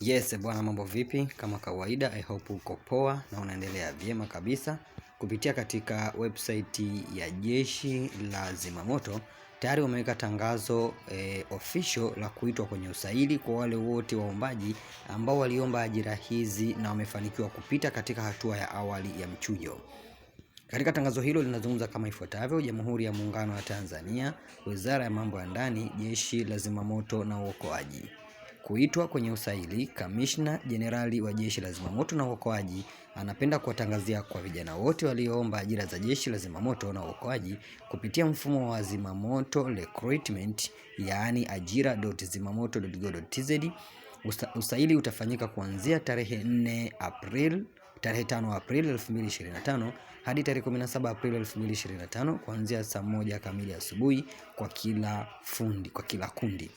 Yes bwana, mambo vipi? Kama kawaida, I hope uko poa na unaendelea vyema kabisa. Kupitia katika website ya Jeshi la Zimamoto tayari wameweka tangazo e, official la kuitwa kwenye usaili kwa wale wote waombaji ambao waliomba ajira hizi na wamefanikiwa kupita katika hatua ya awali ya mchujo. Katika tangazo hilo linazungumza kama ifuatavyo: Jamhuri ya Muungano wa Tanzania, Wizara ya Mambo ya Ndani, Jeshi la Zimamoto na Uokoaji. Kuitwa kwenye usaili. Kamishna Jenerali wa Jeshi la Zimamoto na Uokoaji anapenda kuwatangazia kwa vijana wote walioomba ajira za Jeshi la Zimamoto na Uokoaji kupitia mfumo wa Zimamoto Recruitment, yaani ajira.zimamoto.go.tz. Usaili utafanyika kuanzia tarehe 4 Aprili tarehe 5 Aprili 2025 hadi tarehe 17 Aprili 2025 kuanzia saa moja kamili asubuhi kwa kila fundi, kwa kila kundi.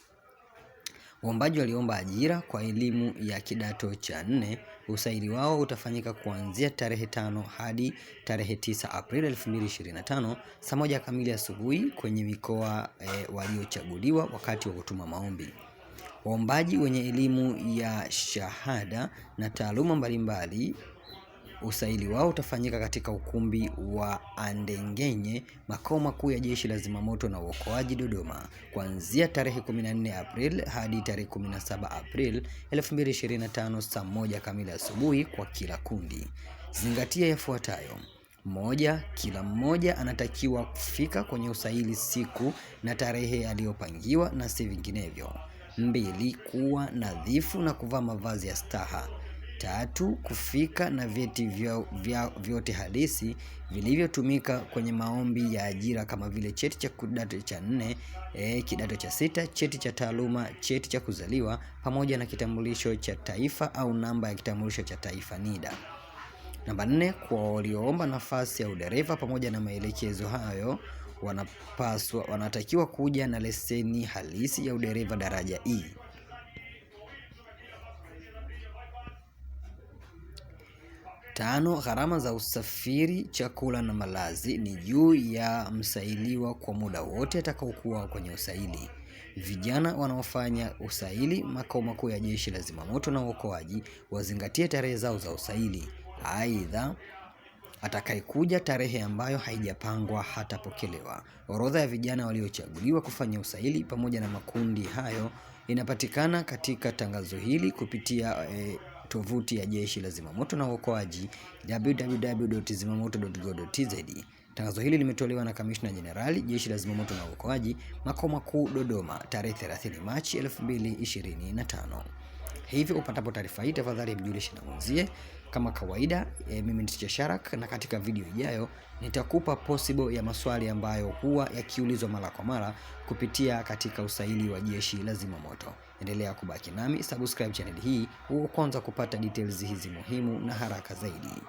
Waombaji waliomba ajira kwa elimu ya kidato cha nne, usaili wao utafanyika kuanzia tarehe tano hadi tarehe tisa Aprili 2025 saa moja kamili asubuhi kwenye mikoa e, waliochaguliwa wakati wa kutuma maombi. Waombaji wenye elimu ya shahada na taaluma mbalimbali Usaili wao utafanyika katika ukumbi wa Andengenye, makao makuu ya Jeshi la Zimamoto na Uokoaji Dodoma, kuanzia tarehe 14 April hadi tarehe 17 April 2025 saa moja kamili asubuhi kwa kila kundi. Zingatia yafuatayo: moja, kila mmoja anatakiwa kufika kwenye usaili siku na tarehe aliyopangiwa na si vinginevyo. Mbili, kuwa nadhifu na kuvaa mavazi ya staha. Tatu, kufika na vyeti vyote halisi vilivyotumika kwenye maombi ya ajira kama vile cheti cha kidato cha nne, e, kidato cha sita, cheti cha taaluma, cheti cha kuzaliwa pamoja na kitambulisho cha taifa au namba ya kitambulisho cha taifa NIDA. Namba nne, kwa walioomba nafasi ya udereva pamoja na maelekezo hayo wanapaswa wanatakiwa kuja na leseni halisi ya udereva daraja E. Tano, gharama za usafiri, chakula na malazi ni juu ya msailiwa kwa muda wote atakaokuwa kwenye usaili. Vijana wanaofanya usaili makao makuu ya Jeshi la Zimamoto na Uokoaji wazingatie tarehe zao za usaili. Aidha, atakayekuja tarehe ambayo haijapangwa hatapokelewa. Orodha ya vijana waliochaguliwa kufanya usaili pamoja na makundi hayo inapatikana katika tangazo hili kupitia e, tovuti ya Jeshi la Zimamoto na Uokoaji www.zimamoto.go.tz. Tangazo hili limetolewa na Kamishna Jenerali Jeshi la Zimamoto na Uokoaji makao makuu Dodoma tarehe 30 Machi 2025. Hivyo upatapo taarifa hii, tafadhali mjulishe na mwenzie kama kawaida. E, mimi ni Teacher Sharak, na katika video ijayo nitakupa possible ya maswali ambayo huwa yakiulizwa mara kwa mara kupitia katika usaili wa jeshi la zimamoto. Endelea kubaki nami, subscribe channel hii uwe kwanza kupata details hizi muhimu na haraka zaidi.